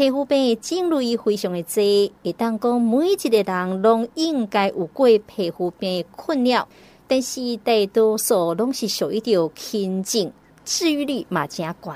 .皮膚病的種類非常的多，會當講每一個人都應該有過皮膚病的困擾，但是大多數攏是屬於着輕症，治癒率嘛真高。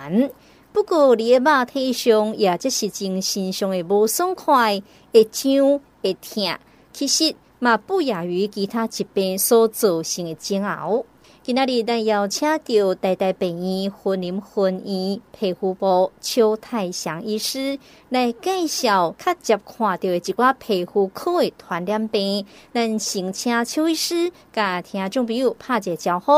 不過你的肉體上也即是精神上的無爽快，會癢會疼，其實嘛不亞於其他疾病所造成的煎熬。今仔日，咱邀請到台大醫院雲林分院皮膚部邱泰翔醫師來介紹，較接看到一寡皮膚科的傳染病。咱先請邱醫師跟聽眾朋友打一個招呼。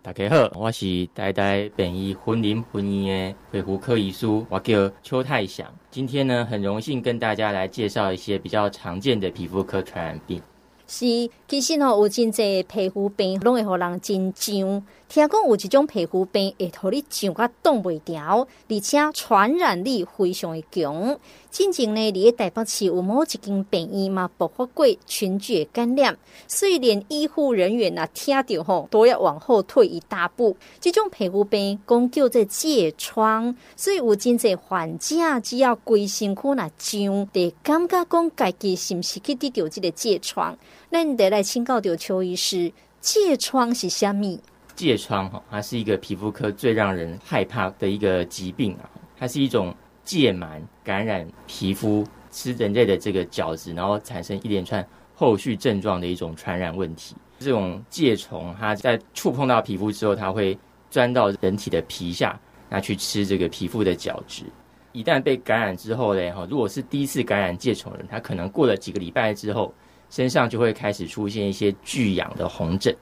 大家好，我是台大醫院雲林分院的皮膚科醫師，我叫邱泰翔。今天呢，很榮幸跟大家來介紹一些比較常見的皮膚科傳染病。是，其實吼，有真濟皮膚病攏會互人真癢。聽講有一種皮膚病，會互你癢甲擋袂牢，而且傳染力非常的強。進前呢，佇咧台北市有某一間病院嘛，爆發過群聚的感染，所以連醫護人員吶，聽到吼都要往後退一大步。這種皮膚病，講，叫做疥瘡，所以有真濟患者只要規身軀若癢，就會感覺講家己是不是去得着這個疥瘡。問的來請教的邱醫師，疥瘡是蝦米？疥瘡哈，它是一個皮膚科最讓人害怕的一個疾病啊，它是一種疥蟎感染皮膚吃人類的這個角質然後產生一連串後續症狀的一種傳染問題。這種疥蟲，它在觸碰到皮膚之後，它會鑽到人體的皮下，那去吃這個皮膚的角質。一旦被感染之後嘞，哈，如果是第一次感染疥蟲人，他可能過了幾個禮拜之後。身上就會開始出現一些劇癢的紅疹，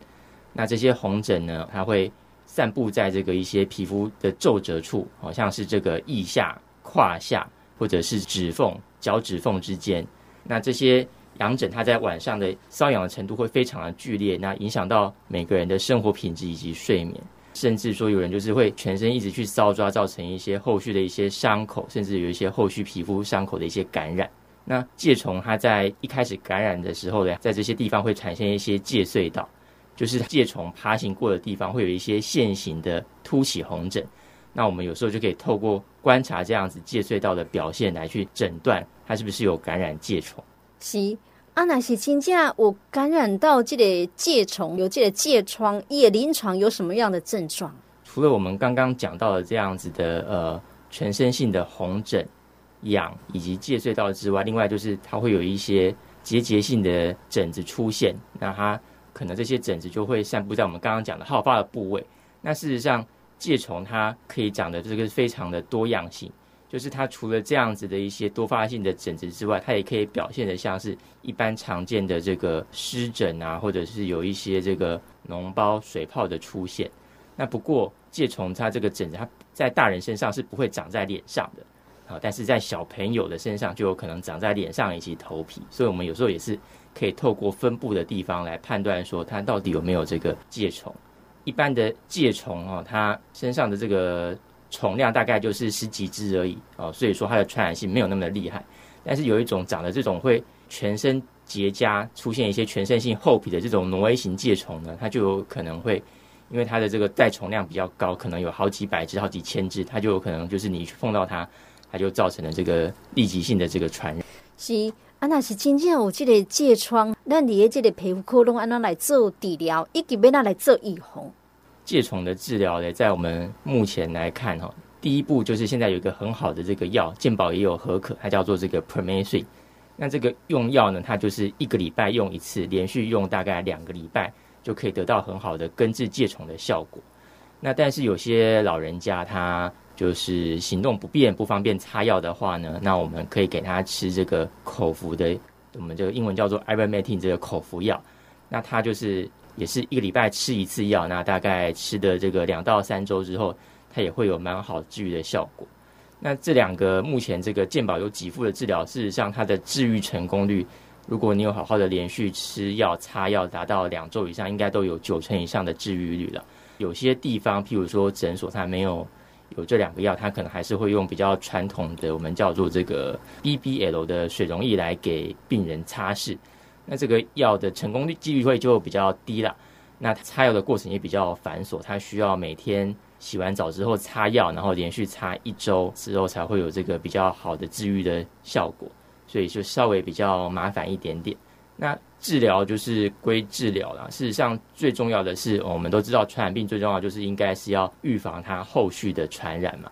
那這些紅疹呢，它會散布在這個一些皮膚的皺褶處，好像是這個腋下、胯下或者是指縫、腳趾縫之間。那這些癢疹，它在晚上的瘙癢的程度會非常的劇烈，那影響到每個人的生活品質以及睡眠，甚至說有人就是會全身一直去搔抓，造成一些後續的一些傷口，甚至有一些後續皮膚傷口的一些感染。那疥蟲它在一開始感染的時候呢，在這些地方會產生一些疥隧道，就是疥蟲爬行過的地方會有一些線形的凸起紅疹。那我們有時候就可以透過觀察這樣子疥隧道的表現來去診斷它是不是有感染疥蟲。是，啊，那是真正我感染到這個疥蟲有這個疥瘡，他的臨床有什麼樣的症狀？除了我們剛剛講到的這樣子的呃全身性的紅疹。癢以及疥隧道之外，另外就是它會有一些結節，節性的疹子出現。那它可能這些疹子就會散布在我們剛剛講的好發的部位。那事實上，疥蟲它可以長的這個是非常的多樣性，就是它除了這樣子的一些多發性的疹子之外，它也可以表現得像是一般常見的這個濕疹啊，或者是有一些這個膿包水泡的出現。那不過，疥蟲它這個疹子它在大人身上是不會長在臉上的。啊，但是在小朋友的身上就有可能長在臉上以及頭皮，所以我們有時候也是可以透過分佈的地方來判斷說它到底有沒有這個疥蟲。一般的疥蟲哦，它身上的這個蟲量大概就是十幾隻隻而已哦，所以說它的傳染性沒有那麼的厲害。但是有一種長得這種會全身結痂、出現一些全身性厚皮的這種挪威型疥蟲呢，它就有可能會因為它的這個帶蟲量比較高，可能有好幾百隻、好幾千隻，它就有可能就是你去碰到它，它就造成了這個立即性的這個傳染。是啊，那是真正有這個疥瘡，那你也這裡皮膚科弄，安那來做治療，一定別那來做預防。疥蟲的治療嘞，在我們目前來看哈，第一步就是現在有一個很好的這個藥，健保也有核可，它叫做這個 permethrin。那這個用藥呢，它就是一個禮拜用一次，連續用大概兩個禮拜，就可以得到很好的根治疥蟲的效果。那但是有些老人家他。就是行動不便不方便擦藥的話呢，那我們可以給他吃這個口服的，我們這個英文叫做 ivermectin 這個口服藥。那他就是也是一個禮拜吃一次藥，那大概吃的這個兩到三周之後，他也會有蠻好治癒的效果。那這兩個目前這個健保有給付的治療，事實上它的治癒成功率，如果你有好好的連續吃藥擦藥，達到兩周以上，應該都有九成以上的治癒率了。有些地方譬如說診所，它沒有。有這兩個藥，它可能還是會用比較傳統的，我們叫做這個 BBL 的水溶液來給病人擦拭。那這個藥的成功率幾率就會就比較低啦。那擦藥的過程也比較繁瑣，它需要每天洗完澡之後擦藥，然後連續擦一週之後才會有這個比較好的治癒的效果，所以就稍微比較麻煩一點點。那治療就是歸治療啦。事實上，最重要的是、哦，我們都知道傳染病最重要就是應該是要預防它後續的傳染嘛。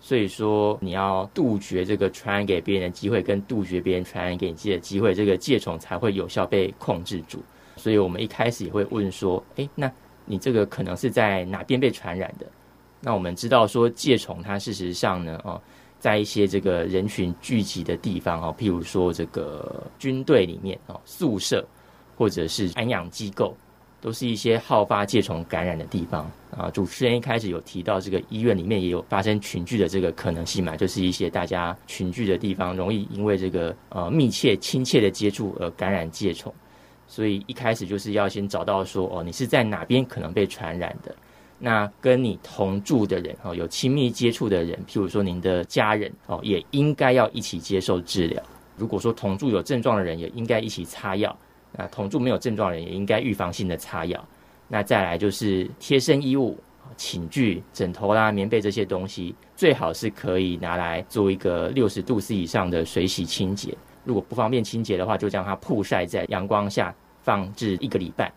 所以說，你要杜絕這個傳染給別人的機會，跟杜絕別人傳染給你自己的機會，這個疥蟲才會有效被控制住。所以我們一開始也會問說，誒，那你這個可能是在哪邊被傳染的？那我們知道說疥蟲它事實上呢，哦。在一些這個人群聚集的地方哦，譬如說這個軍隊裡面哦，宿舍或者是安養機構，都是一些好發疥蟲感染的地方啊。主持人一開始有提到，這個醫院裡面也有發生群聚的這個可能性嘛，就是一些大家群聚的地方，容易因為這個呃密切親切的接觸而感染疥蟲，所以一開始就是要先找到說哦，你是在哪邊可能被傳染的。那跟你同住的人哦，有親密接觸的人，譬如說您的家人哦，也應該要一起接受治療。如果說同住有症狀的人也應該一起擦藥，那同住沒有症狀的人也應該預防性的擦藥。那再來就是貼身衣物、寢具、枕頭啦、啊、棉被這些東西，最好是可以拿來做一個六十度 C 以上的水洗清潔。如果不方便清潔的話，就將它曝曬在陽光下放置一個禮拜。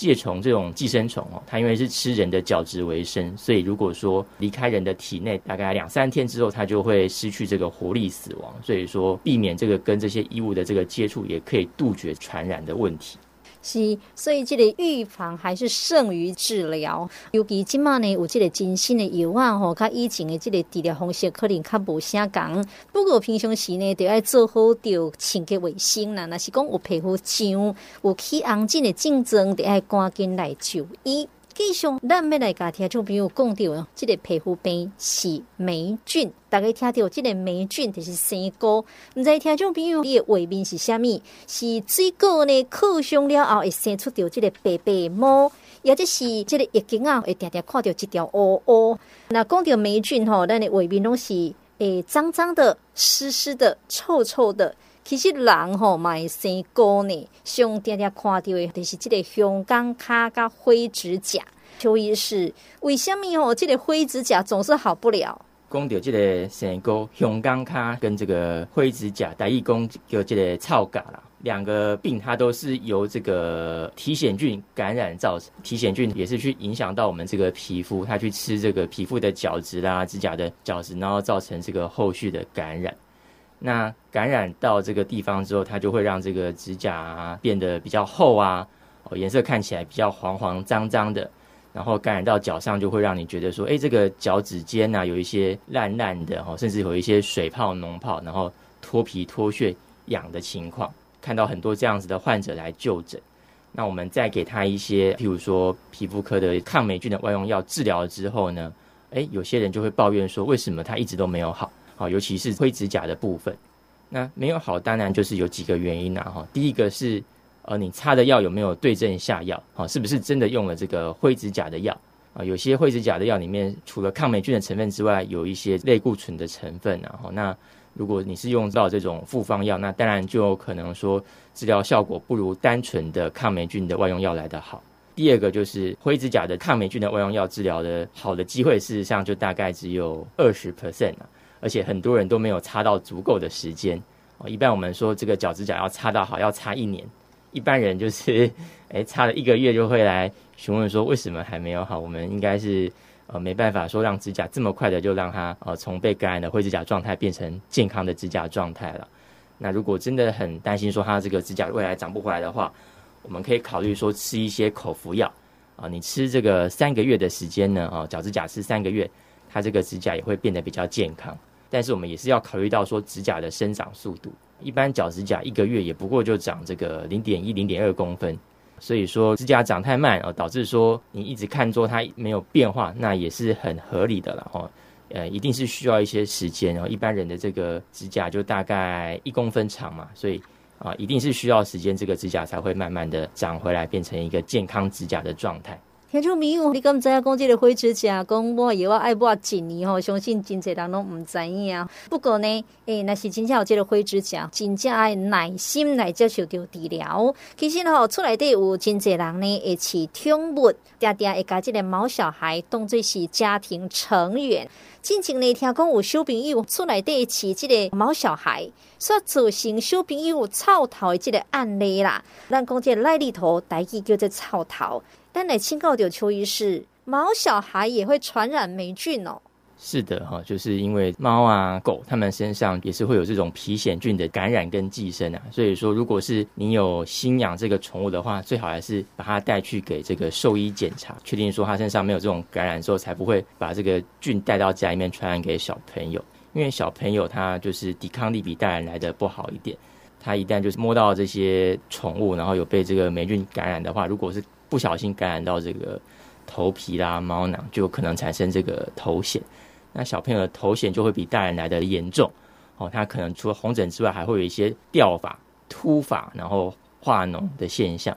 疥蟲這種寄生蟲哦，它因為是吃人的角質維生，所以如果說離開人的體內大概兩三天之後，它就會失去這個活力死亡。所以說，避免這個跟這些衣物的這個接觸，也可以杜絕傳染的問題。是，所以這個預防還是勝於治療。尤其即馬呢，有這個真新的藥啊吼，甲以前的這個治療方式可能較無相共。不過平常時呢，得愛做好著清潔衛生啦，若是講有皮膚癢、有起紅疹的症狀，得愛趕緊來就醫。繼續咱們要來家聽眾朋友講到哦，這個皮膚病是黴菌，大家聽到這個黴菌就是生菇，毋知在聽眾朋友你的畫面是啥物？是水果呢？烤傷了後會生出着這個白白的毛，或者是這個眼睛啊會定定看到一條烏烏。那講到黴菌吼，咱的畫面攏是誒髒髒的、濕濕的、臭臭的。其實人，人吼，買新膏呢，熊嗲嗲，看到的，就是這個熊乾卡跟灰指甲。所以是為什麼吼，這個灰指甲總是好不了？講到這個新膏、熊乾卡跟這個灰指甲，台語講叫這個草甲啦。兩個病它都是由這個體癬菌感染造成。體癬菌也是去影響到我們這個皮膚，它去吃這個皮膚的角質啦、指甲的角質，然後造成這個後續的感染。那感染到這個地方之後，它就會讓這個指甲，啊、變得比較厚啊，哦，顏色看起來比較黃黃髒髒的。然後感染到腳上，就會讓你覺得說，哎、欸，這個腳趾間吶、啊、有一些爛爛的，哦，甚至有一些水泡、膿泡，然後脫皮、脫屑、癢的情況。看到很多這樣子的患者來就診，那我們再給他一些，譬如說皮膚科的抗黴菌的外用藥治療之後呢，哎、欸，有些人就會抱怨說，為什麼他一直都沒有好？好，尤其是灰指甲的部分，那沒有好當然就是有幾個原因吶、啊、哈。第一個是，呃，你擦的藥有沒有對症下藥？哈，是不是真的用了這個灰指甲的藥啊？有些灰指甲的藥裡面除了抗黴菌的成分之外，有一些類固醇的成分啊。哈，那如果你是用到這種複方藥，那當然就可能說治療效果不如單純的抗黴菌的外用藥來得好。第二個就是灰指甲的抗黴菌的外用藥治療的好的機會，事實上就大概只有二十 percent 而且很多人都沒有擦到足夠的時間哦。一般我們說這個腳趾甲要擦到好，要擦一年。一般人就是，誒、欸，擦了一個月就會來詢問說為什麼還沒有好。我們應該是呃沒辦法說讓指甲這麼快的就讓它呃從被感染的灰指甲狀態變成健康的指甲狀態了。那如果真的很擔心說它這個指甲未來長不回來的話，我們可以考慮說吃一些口服藥啊、呃。你吃這個三個月的時間呢，哦、呃，腳趾甲吃三個月，它這個指甲也會變得比較健康。但是我們也是要考慮到說指甲的生長速度，一般腳指甲一個月也不過就長這個零點一、零點二公分，所以說指甲長太慢啊，導致說你一直看著它沒有變化，那也是很合理的了哦。呃、嗯，一定是需要一些時間哦。一般人的這個指甲就大概一公分長嘛，所以啊，一定是需要時間，這個指甲才會慢慢的長回來，變成一個健康指甲的狀態。也就沒有你敢知影講這個灰指甲，講我有愛抹幾年哦，相信真濟人都唔知影。不過呢，誒、欸，若是真正有這個灰指甲，真正要耐心來接受着治療。其實吼，厝內底有真濟人呢，會飼寵物，定定會甲這個毛小孩，當做是家庭成員。之前呢聽講有小朋友，厝內底起這個毛小孩，說造成小朋友臭頭的這個案例啦，咱講這賴裡頭台語叫做臭頭。但你清告屌邱醫師，毛小孩也會傳染黴菌哦。是的哈，就是因為貓啊狗，它們身上也是會有這種皮癬菌的感染跟寄生啊。所以說，如果是你有新養這個寵物的話，最好還是把它帶去給這個獸醫檢查，確定說它身上沒有這種感染之後，才不會把這個菌帶到家裡面傳染給小朋友。因為小朋友他就是抵抗力比大人來的不好一點，他一旦就是摸到這些寵物，然後有被這個黴菌感染的話，如果是。不小心感染到這個頭皮啦、毛囊，就有可能產生這個頭癬。那小朋友的頭癬就會比大人來得嚴重哦。他可能除了紅疹之外，還會有一些掉髮、禿髮，然後化膿的現象。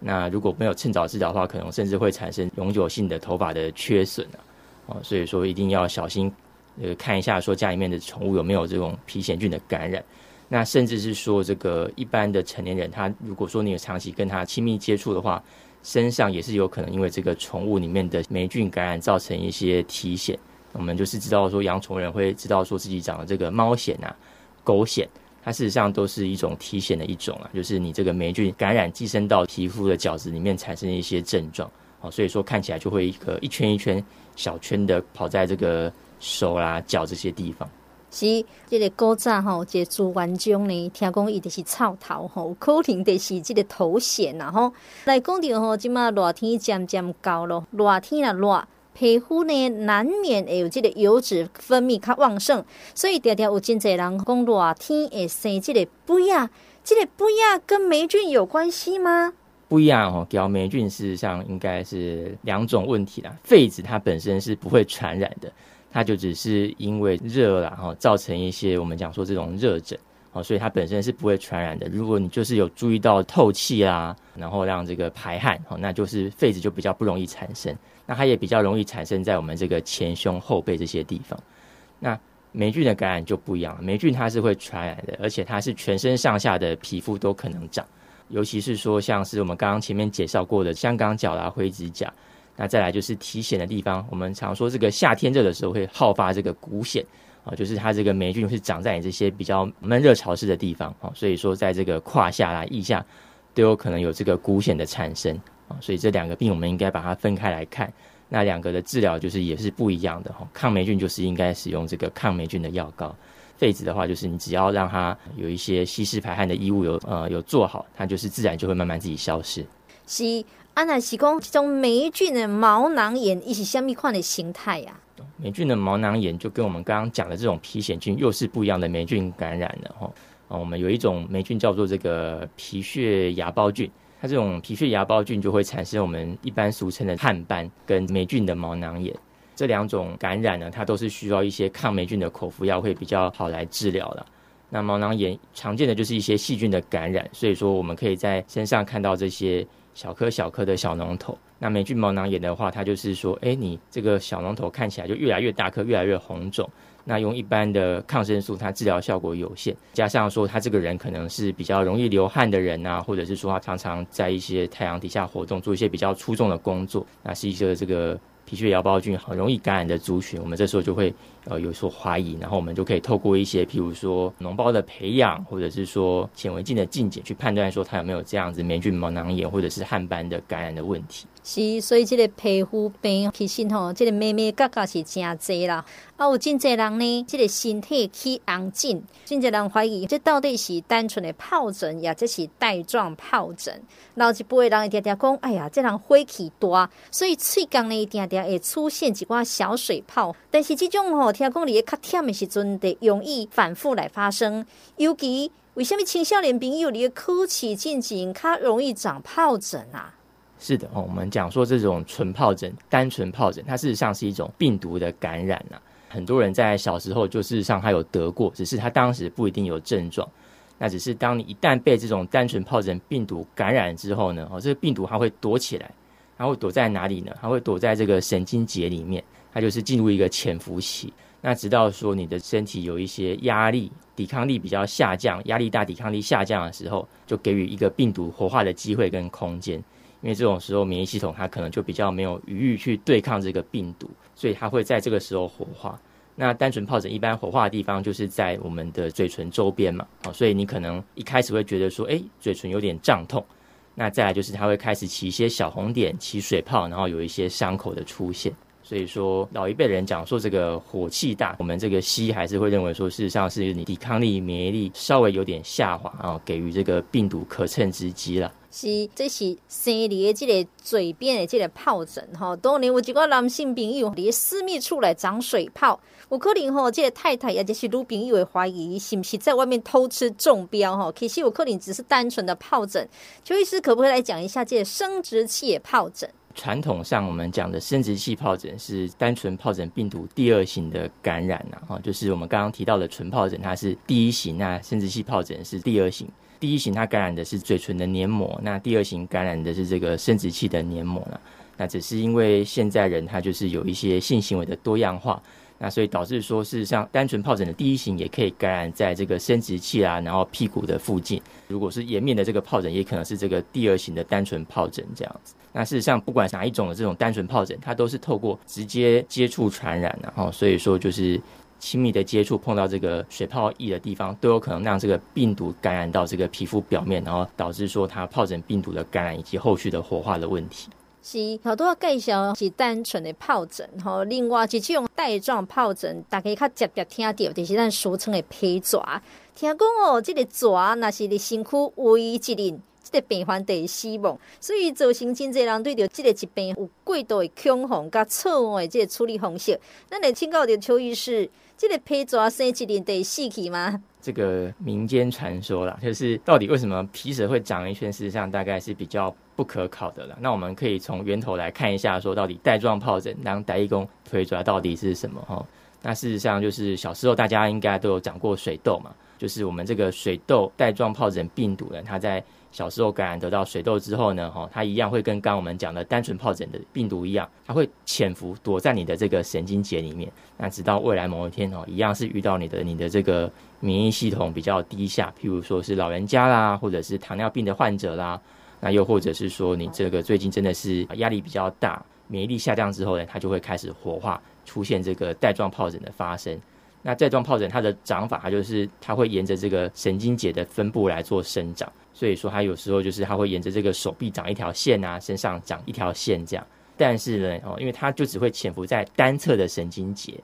那如果沒有趁早治療的話，可能甚至會產生永久性的頭髮的缺損啊。哦，所以說一定要小心，呃，看一下說家裡面的寵物有沒有這種皮癬菌的感染。那甚至是說這個一般的成年人，他如果說你有長期跟他親密接觸的話，身上也是有可能因為這個寵物裡面的黴菌感染造成一些體癬，我們就是知道說養寵人會知道說自己長了這個貓癬啊、狗癬，它事實上都是一種體癬的一種啊，就是你這個黴菌感染寄生到皮膚的角質裡面產生一些症狀啊，所以說看起來就會一個一圈一圈小圈的跑在這個手啦、啊、腳這些地方。是這個古早吼，這朱元璋呢，聽講伊就是臭頭吼、哦，可能就是這個頭癬吶吼、哦。來講到吼、哦，即嘛熱天漸漸高了，熱天啊熱，皮膚呢難免會有這個油脂分泌較旺盛，所以定定有真儕人講，熱天會生這個痱子，這個痱子跟霉菌有關係嗎？痱子吼、哦，甲霉菌事實上應該是兩種問題啦。痱子它本身是不會傳染的。它就只是因為熱了哈，造成一些我們講說這種熱疹哦，所以它本身是不會傳染的。如果你就是有注意到透氣啦、啊，然後讓這個排汗，那就是痱子就比較不容易產生。那它也比較容易產生在我們這個前胸後背這些地方。那黴菌的感染就不一樣了，黴菌它是會傳染的，而且它是全身上下的皮膚都可能長，尤其是說像是我們剛剛前面介紹過的，香港腳啦、啊、灰指甲。那再來就是體癬的地方，我們常說這個夏天熱的時候會好發這個股癬啊，就是它這個黴菌是長在你這些比較悶熱潮濕的地方啊，所以說在這個胯下啦、腋下都有可能有這個股癬的產生啊，所以這兩個病我們應該把它分開來看，那兩個的治療就是也是不一樣的哈，抗黴菌就是應該使用這個抗黴菌的藥膏，痱子的話就是你只要讓它有一些吸濕排汗的衣物有呃有做好，它就是自然就會慢慢自己消失。是安娜，啊、是講這種黴菌的毛囊炎，一些像蜜礦的形態呀，啊。黴菌的毛囊炎就跟我們剛剛講的這種皮癬菌又是不一樣的黴菌感染的，啊、我們有一種黴菌叫做這個皮屑芽孢菌，它這種皮屑芽孢菌就會產生我們一般俗稱的汗斑跟黴菌的毛囊炎這兩種感染呢，它都是需要一些抗黴菌的口服藥會比較好來治療的。那毛囊炎常見的就是一些細菌的感染，所以說我們可以在身上看到這些。小顆小顆的小膿頭，那黴菌毛囊炎的話，它就是說，哎、欸，你這個小膿頭看起來就越來越大顆，越來越紅腫。那用一般的抗生素，它治療效果有限。加上說，他這個人可能是比較容易流汗的人吶、啊，或者是說他常常在一些太陽底下活動，做一些比較粗重的工作，那是一個這個皮屑芽孢菌很容易感染的族群。我們這時候就會。呃，有所懷疑，然後我們就可以透過一些，譬如說膿包的培養，或者是說顯微鏡的鏡檢，去判斷說他有沒有這樣子，黴菌毛囊炎或者是汗斑的感染的問題。是，所以這個皮膚病其實吼、哦，這個妹妹嘎嘎是真儕啦。啊，有真儕人呢，這個身體去安靜，真儕人懷疑這到底是單純的皰疹，也則是帶狀皰疹。老一輩人喋喋講，哎呀，這個、人火氣大，所以嘴乾呢，喋喋也出現幾掛小水泡。但是這種吼、哦。聽說你也較甜的時陣，容易反覆來發生。尤其為什麼青少年朋友你的口齒、眼睛，它容易長皰疹啊？是的，我們講說這種純皰疹、單純皰疹，它事實上是一種病毒的感染啊。很多人在小時候就事實上他有得過，只是他當時不一定有症狀。那只是當你一旦被這種單純皰疹病毒感染之後呢？哦，這個病毒它會躲起來，它會躲在哪裡呢？它會躲在這個神經節裡面。它就是進入一個潛伏期，那直到說你的身體有一些壓力，抵抗力比較下降，壓力大，抵抗力下降的時候，就給予一個病毒活化的機會跟空間。因為這種時候免疫系統它可能就比較沒有餘裕去對抗這個病毒，所以它會在這個時候活化。那單純皰疹一般活化的地方就是在我們的嘴唇周邊嘛，啊，所以你可能一開始會覺得說，誒，嘴唇有點脹痛，那再來就是它會開始起一些小紅點，起水泡，然後有一些傷口的出現。所以說老一輩人講說這個火氣大，我們這個西醫還是會認為說，事實上是你抵抗力免疫力稍微有點下滑啊、哦，給予這個病毒可乘之機了。西醫，這是生理的這個嘴邊的這個皰疹哈。當年我幾個男性朋友，你的私密處來長水泡，我可能哈、哦，這個太太也就是女朋友也懷疑，是不是在外面偷吃中標哈？其實我可能只是單純的皰疹。邱醫師可不可以來講一下這個生殖器的皰疹？傳統上我們講的生殖器疱疹是單純疱疹病毒第二型的感染吶、啊，就是我們剛剛提到的唇疱疹，它是第一型，那生殖器疱疹是第二型，第一型它感染的是嘴唇的黏膜，那第二型感染的是這個生殖器的黏膜了、啊，那只是因為現在人他就是有一些性行為的多樣化。那所以導致說是像單純皰疹的第一型也可以感染在這個生殖器啊，然後屁股的附近。如果是顏面的這個皰疹，也可能是這個第二型的單純皰疹這樣子。那事實上，不管哪一種的這種單純皰疹，它都是透過直接接觸傳染啊，哦，然後所以說就是親密的接觸碰到這個水泡液的地方，都有可能讓這個病毒感染到這個皮膚表面，然後導致說它皰疹病毒的感染以及後續的活化的問題。是好多介紹是單純的皰疹，吼，另外是種帶狀皰疹，大家較特別聽到，就是咱俗稱的皮蛇。聽講哦，這個蛇若是佇身軀危及人，這個病患得死亡，所以造成真儕人對着這個疾病有過度的恐慌加錯誤的這個處理方式。咱你請教的邱醫師，這個皮蛇生一年第四期嗎？這個民間傳說啦，就是到底為什麼皮蛇會長一圈？事實上，大概是比較不可考的啦。那我們可以從源頭來看一下，說到底帶狀皰疹當白衣公推出來到底是什麼？哈，那事實上就是小時候大家應該都有長過水痘嘛，就是我們這個水痘帶狀皰疹病毒呢，它在。小時候感染得到水痘之後呢，哈，它一樣會跟剛剛我們講的單純皰疹的病毒一樣，它會潛伏躲在你的這個神經節裡面。那直到未來某一天哦，一樣是遇到你的你的這個免疫系統比較低下，譬如說是老人家啦，或者是糖尿病的患者啦，那又或者是說你這個最近真的是壓力比較大，免疫力下降之後呢，它就會開始活化，出現這個帶狀皰疹的發生。那帶狀皰疹它的長法，它就是它會沿着這個神經節的分布來做生長。所以說它有時候就是它會沿着這個手臂長一條線啊，身上長一條線這樣。但是呢，哦，因為它就只會潛伏在單側的神經節，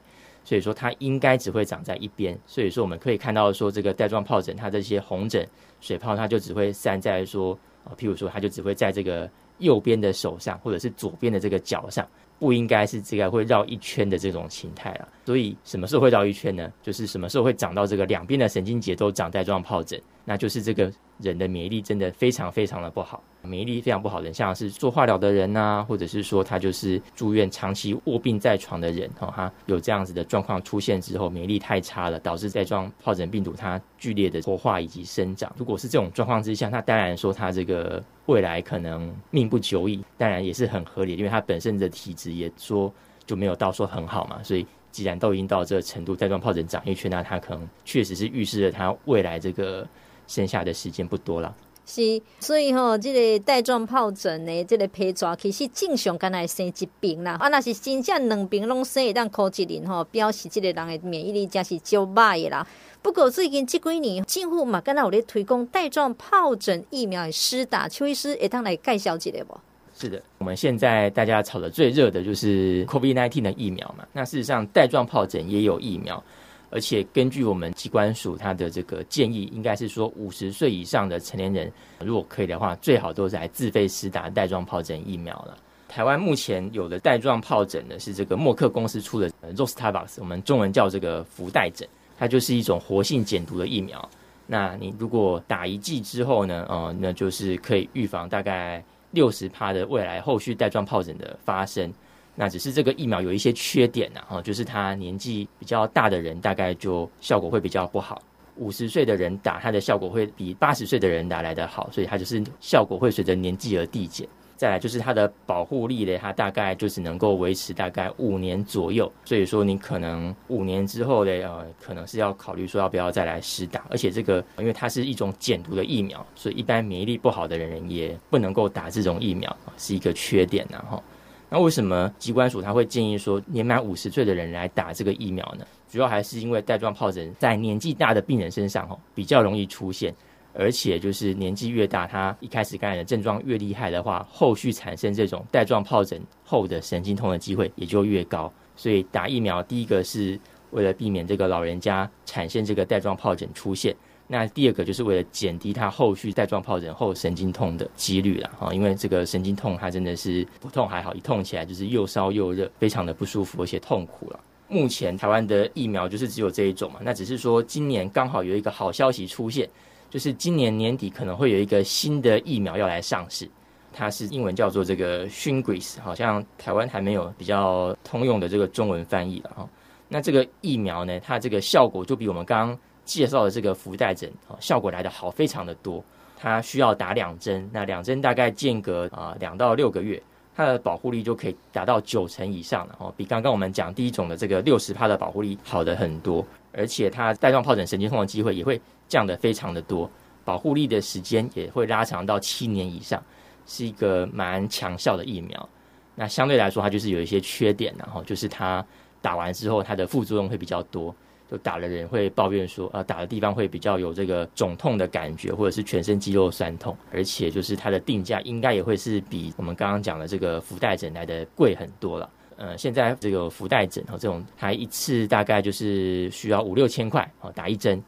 所以說它應該只會長在一邊。所以說我們可以看到說這個帶狀皰疹它這些紅疹水泡，它就只會散在說，哦，譬如說它就只會在這個右邊的手上，或者是左邊的這個腳上。不應該是這個會繞一圈的這種形態了、啊，所以什麼時候會繞一圈呢？就是什麼時候會長到這個兩邊的神經節都長帶狀皰疹，那就是這個人的免疫力真的非常非常的不好。免疫力非常不好的人，像是做化療的人吶、啊，或者是說他就是住院長期臥病在床的人，哈，有這樣子的狀況出現之後，免疫力太差了，導致帶狀皰疹病毒它劇烈的活化以及生長。如果是這種狀況之下，他當然說他這個未來可能命不久矣，當然也是很合理，因為他本身的體質。也說就沒有到說很好嘛，所以既然都已經到這個程度，帶狀皰疹長一圈，啊，那他可能確實是預示着他未來這個剩下的時間不多了。是，所以吼，哦，這個帶狀皰疹的這個皮抓，其實正常敢若生一病啦，啊，那是真正兩病攏生，但科技人吼，哦，表示這個人的免疫力真是就歹啦。不過最近這幾年，政府嘛，敢若有咧推廣帶狀皰疹疫苗的施打，邱醫師會當來介紹一下無？是的，我們現在大家炒得最熱的就是 COVID-19 的疫苗嘛，那事實上，帶狀皰疹也有疫苗，而且根據我們機關署它的這個建議，應該是說五十歲以上的成年人，如果可以的話，最好都是來自費施打帶狀皰疹疫苗了。台灣目前有的帶狀皰疹的是這個默克公司出的 Zostavax，我們中文叫這個伏帶疹，它就是一種活性減毒的疫苗。那你如果打一劑之後呢，哦、呃，那就是可以預防大概六十趴的未來後續帶狀皰疹的發生，那只是這個疫苗有一些缺點啊，哈，就是它年紀比較大的人大概就效果會比較不好，五十歲的人打它的效果會比八十歲的人打來的好，所以它就是效果會隨着年紀而遞減。再來就是它的保護力嘞，它大概就只能夠維持大概五年左右，所以說你可能五年之後嘞，呃，可能是要考慮說要不要再來施打。而且這個，因為它是一種減毒的疫苗，所以一般免疫力不好的人也不能夠打這種疫苗，是一個缺點吶、啊、哈。那為什麼疾管署它會建議說年滿五十歲的人來打這個疫苗呢？主要還是因為帶狀疱疹在年紀大的病人身上哦比較容易出現。而且就是年紀越大，他一開始感染的症狀越厲害的話，後續產生這種帶狀皰疹後的神經痛的機會也就越高。所以打疫苗，第一個是為了避免這個老人家產生這個帶狀皰疹出現；那第二個就是為了減低他後續帶狀皰疹後神經痛的幾率了啊！因為這個神經痛，它真的是不痛還好，一痛起來就是又燒又熱，非常的不舒服而且痛苦了。目前台灣的疫苗就是只有這一種嘛，那只是說今年剛好有一個好消息出現。就是今年年底可能會有一個新的疫苗要來上市，它是英文叫做這個 Shingrix，好像台灣還沒有比較通用的這個中文翻譯了哈。那這個疫苗呢，它這個效果就比我們剛剛介紹的這個伏帶疹效果來得好非常的多。它需要打兩針，那兩針大概間隔啊兩到六個月，它的保護力就可以達到九成以上了哈，比剛剛我們講第一種的這個六十趴的保護力好得很多，而且它帶狀皰疹神經痛的機會也會降得非常的多，保護力的時間也會拉長到七年以上，是一個蠻強效的疫苗。那相對來說，它就是有一些缺點、啊，然後就是它打完之後，它的副作用會比較多，就打了人會抱怨說，啊、呃，打的地方會比較有這個腫痛的感覺，或者是全身肌肉痠痛，而且就是它的定價應該也會是比我們剛剛講的這個伏帶疹來的貴很多了。呃，現在這個伏帶疹哦，這種它一次大概就是需要五六千塊哦，打一針。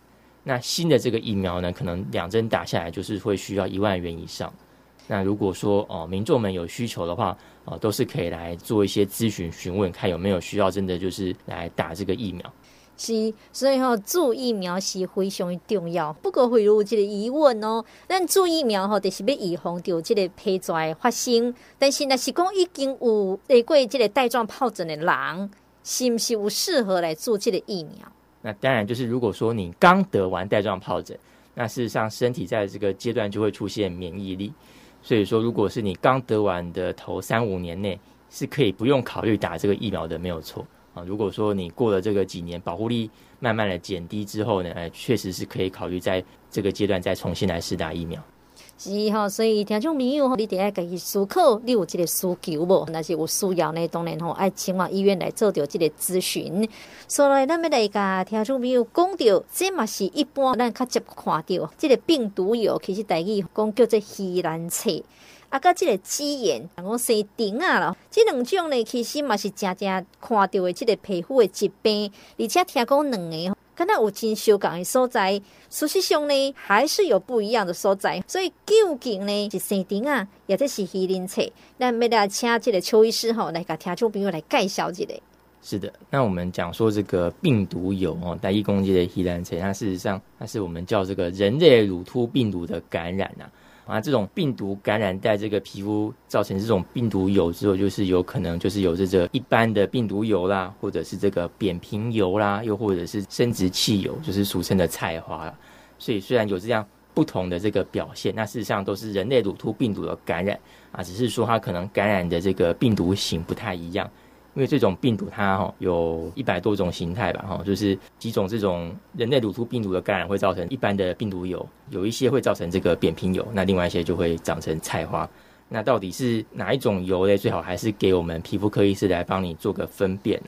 那新的這個疫苗呢，可能兩針打下來就是會需要一萬元以上。那如果說哦、呃，民眾們有需求的話，哦、呃，都是可以來做一些諮詢詢問，看有沒有需要真的就是來打這個疫苗。是，所以吼、哦，做疫苗是非常重要。不過會有這個疑問哦，那做疫苗吼、哦，就是要預防掉這個胚胎發生。但是呢，是講已經有得過這個帶狀皰疹的人，是不是有適合來做這個疫苗？那當然，就是如果說你剛得完帶狀皰疹，那事實上身體在這個階段就會出現免疫力。所以說，如果是你剛得完的頭三五年內，是可以不用考慮打這個疫苗的，沒有錯啊。如果說你過了這個幾年，保護力慢慢的減低之後呢，哎，確實是可以考慮在這個階段再重新來施打疫苗。是吼，所以聽眾朋友吼，你著愛家己思考，你有即個需求無？若是有需要呢，當然吼，愛前往醫院來做着即個諮詢。所以咱欲來甲聽眾朋友講着，這嘛是一般咱較捷看着即個病毒疣其實台語講叫做魚鱗贅，啊甲即個雞眼，講我生痘啊咯。即兩種呢其實嘛是誠正看着的即個皮膚的疾病，而且聽講兩個。剛才有進修講的所在，事實上呢還是有不一樣的所在，所以究竟呢是山頂啊，或者是黑林車？那每輛請這個邱醫師哈、哦、來給聽眾朋友來介紹一下。是的，那我們講說這個病毒有哦，帶攻擊的黑林車，那事實上那是我們叫這個人類乳突病毒的感染吶、啊。啊，這種病毒感染在這個皮膚造成這種病毒疣之後，就是有可能就是有這個一般的病毒疣啦，或者是這個扁平疣啦，又或者是生殖器疣，就是俗稱的菜花啦。所以雖然有這樣不同的這個表現，那事實上都是人類乳突病毒的感染啊，只是說它可能感染的這個病毒型不太一樣。因為這種病毒它哈、哦、有一百多種形態吧哈，就是幾種這種人類乳突病毒的感染會造成一般的病毒疣，有一些會造成這個扁平疣，那另外一些就會長成菜花。那到底是哪一種疣呢？最好還是給我們皮膚科醫師來幫你做個分辨。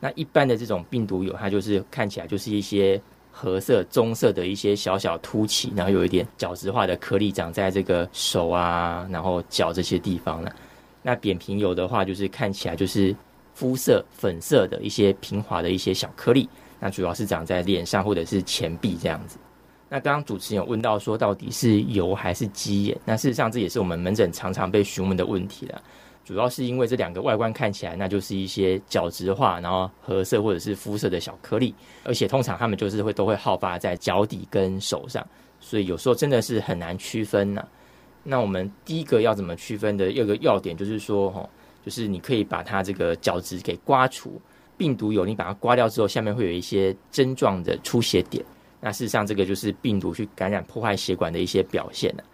那一般的這種病毒疣，它就是看起來就是一些褐色、棕色的一些小小凸起，然後有一點角質化的顆粒長在這個手啊，然後腳這些地方了、啊。那扁平疣的話，就是看起來就是。膚色粉色的一些平滑的一些小顆粒，那主要是長在臉上或者是前臂這樣子。那剛剛主持人有問到說到底是疣還是雞眼？那事實上這也是我們門診常常被詢問的問題了。主要是因為這兩個外觀看起來，那就是一些角質化，然後褐色或者是膚色的小顆粒，而且通常他們就是會都會好發在腳底跟手上，所以有時候真的是很難區分吶。那我們第一個要怎麼區分的？一個要點就是說，哦……就是你可以把它這個角質給刮除，病毒有你把它刮掉之後，下面會有一些針狀的出血點。那事實上這個就是病毒去感染破壞血管的一些表現了啊。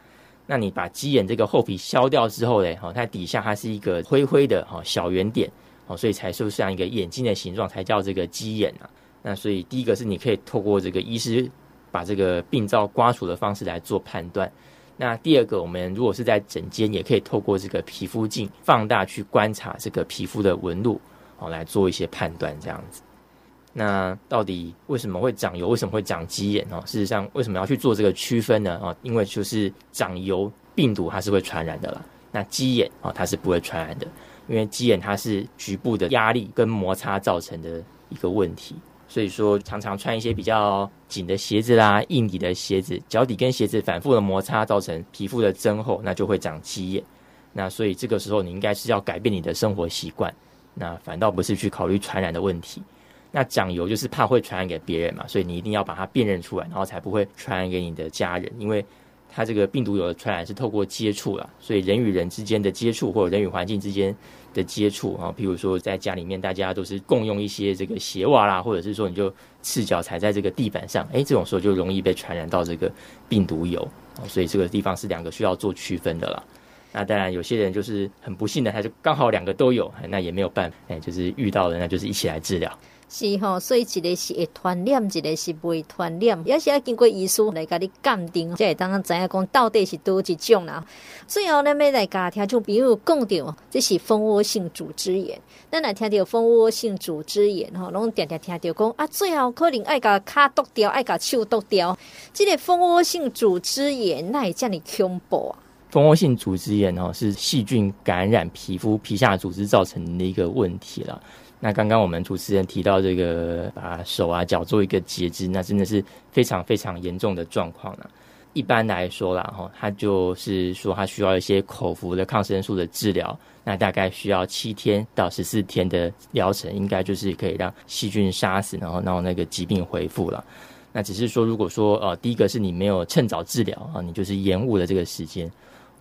那你把雞眼這個厚皮削掉之後嘞，它底下它是一個灰灰的小圓點哦，所以才是是像一個眼睛的形狀，才叫這個雞眼啊。那所以第一個是你可以透過這個醫師把這個病灶刮除的方式來做判斷。那第二個，我們如果是在診間，也可以透過這個皮膚鏡放大去觀察這個皮膚的紋路，哦，來做一些判斷這樣子。那到底為什麼會長疣？為什麼會長雞眼？哦，事實上為什麼要去做這個區分呢？哦，因為就是長疣病毒它是會傳染的啦。那雞眼哦，它是不會傳染的，因為雞眼它是局部的壓力跟摩擦造成的一個問題。所以說，常常穿一些比較緊的鞋子啦，硬底的鞋子，腳底跟鞋子反復的摩擦，造成皮膚的增厚，那就會長雞眼。那所以這個時候，你應該是要改變你的生活習慣。那反倒不是去考慮傳染的問題。那長疣就是怕會傳染給別人嘛，所以你一定要把它辨認出來，然後才不會傳染給你的家人，因為。它這個病毒疣的傳染是透過接觸了，所以人與人之間的接觸，或者人與環境之間的接觸啊，譬如說在家裡面，大家都是共用一些這個鞋襪啦，或者是說你就赤腳踩在這個地板上，哎、欸，這種時候就容易被傳染到這個病毒疣，所以這個地方是兩個需要做區分的了。那當然有些人就是很不幸的，他就剛好兩個都有，那也沒有辦法，哎、欸，就是遇到了，那就是一起來治療。是吼、哦，所以一個是會傳染，一個是未傳染，也是要經過醫師來甲你鑑定，才會當知影講到底是叨一種啦。最後咧，每來家聽種，比如講到，這是蜂窩性組織炎，咱來聽到蜂窩性組織炎吼，攏定定聽着講啊，最後可能愛甲骹剁掉，愛甲手剁掉，這個蜂窩性組織炎哪會遮爾恐怖啊！蜂窩性組織炎吼，是細菌感染皮膚、皮下組織造成的一個問題了。那剛剛我們主持人提到這個把手啊腳做一個截肢，那真的是非常非常嚴重的狀況了。一般來說啦哈，他就是說他需要一些口服的抗生素的治療，那大概需要七天到十四天的療程，應該就是可以讓細菌殺死，然後然後那個疾病恢復了。那只是說，如果說呃第一個是你沒有趁早治療啊，你就是延誤了這個時間。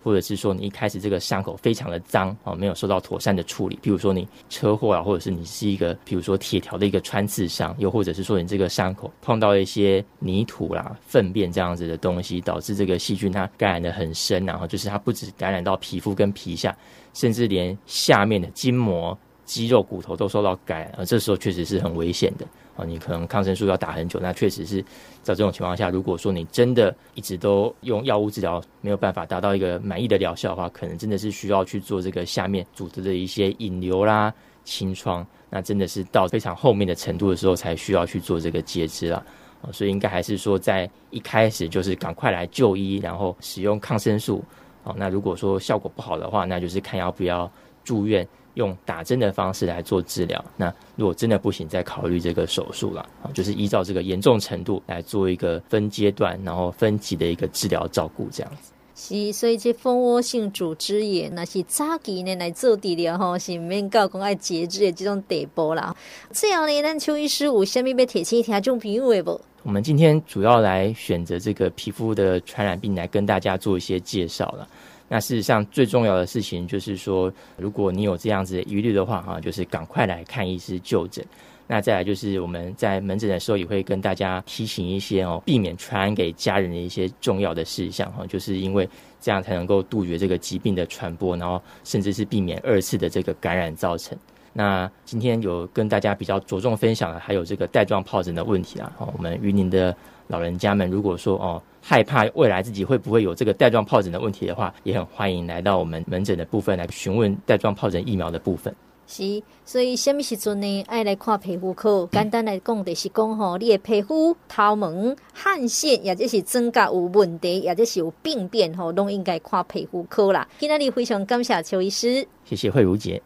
或者是說你一開始這個傷口非常的髒啊，沒有受到妥善的處理，比如說你車禍啊，或者是你是一個比如說鐵條的一個穿刺傷，又或者是說你這個傷口碰到一些泥土啦、啊、糞便這樣子的東西，導致這個細菌它感染得很深，然後就是它不止感染到皮膚跟皮下，甚至連下面的筋膜、肌肉、骨頭都受到感染，而這時候確實是很危險的。啊，你可能抗生素要打很久，那確實是在這種情況下，如果說你真的一直都用藥物治療，沒有辦法達到一個滿意的療效的話，可能真的是需要去做這個下面組織的一些引流啦、清創，那真的是到非常後面的程度的時候才需要去做這個截肢了。所以應該還是說在一開始就是趕快來就醫，然後使用抗生素。哦，那如果說效果不好的話，那就是看要不要住院。用打針的方式來做治療，那如果真的不行，再考慮這個手術了啊。就是依照這個嚴重程度來做一個分階段，然後分級的一個治療照顧，這樣子。是，所以這蜂窩性組織炎，那是早期呢來做治療後是免搞講愛截肢的這種地步了。這樣呢，那邱醫師，我下面要聽一聽這種皮膚的不？我們今天主要來選擇這個皮膚的傳染病來跟大家做一些介紹了。那事實上最重要的事情就是說，如果你有這樣子的疑慮的話，哈，就是趕快來看醫師就診。那再來就是我們在門診的時候也會跟大家提醒一些哦，避免傳染給家人的一些重要的事項，哈，就是因為這樣才能夠杜絕這個疾病的傳播，然後甚至是避免二次的這個感染造成。那今天有跟大家比較着重分享的還有這個帶狀疱疹的問題啊，我們雲林的老人家們，如果說哦。害怕未來自己會不會有這個帶狀皰疹的問題的話，也很歡迎來到我們門診的部分來詢問帶狀皰疹疫苗的部分。是，所以什麼時候呢？愛來看皮膚科，簡單來講就是講吼、嗯，你的皮膚、頭毛、汗腺，也就是增加有問題，也就是有病變吼，都應該看皮膚科啦。今天你非常感謝邱醫師，謝謝慧如姐。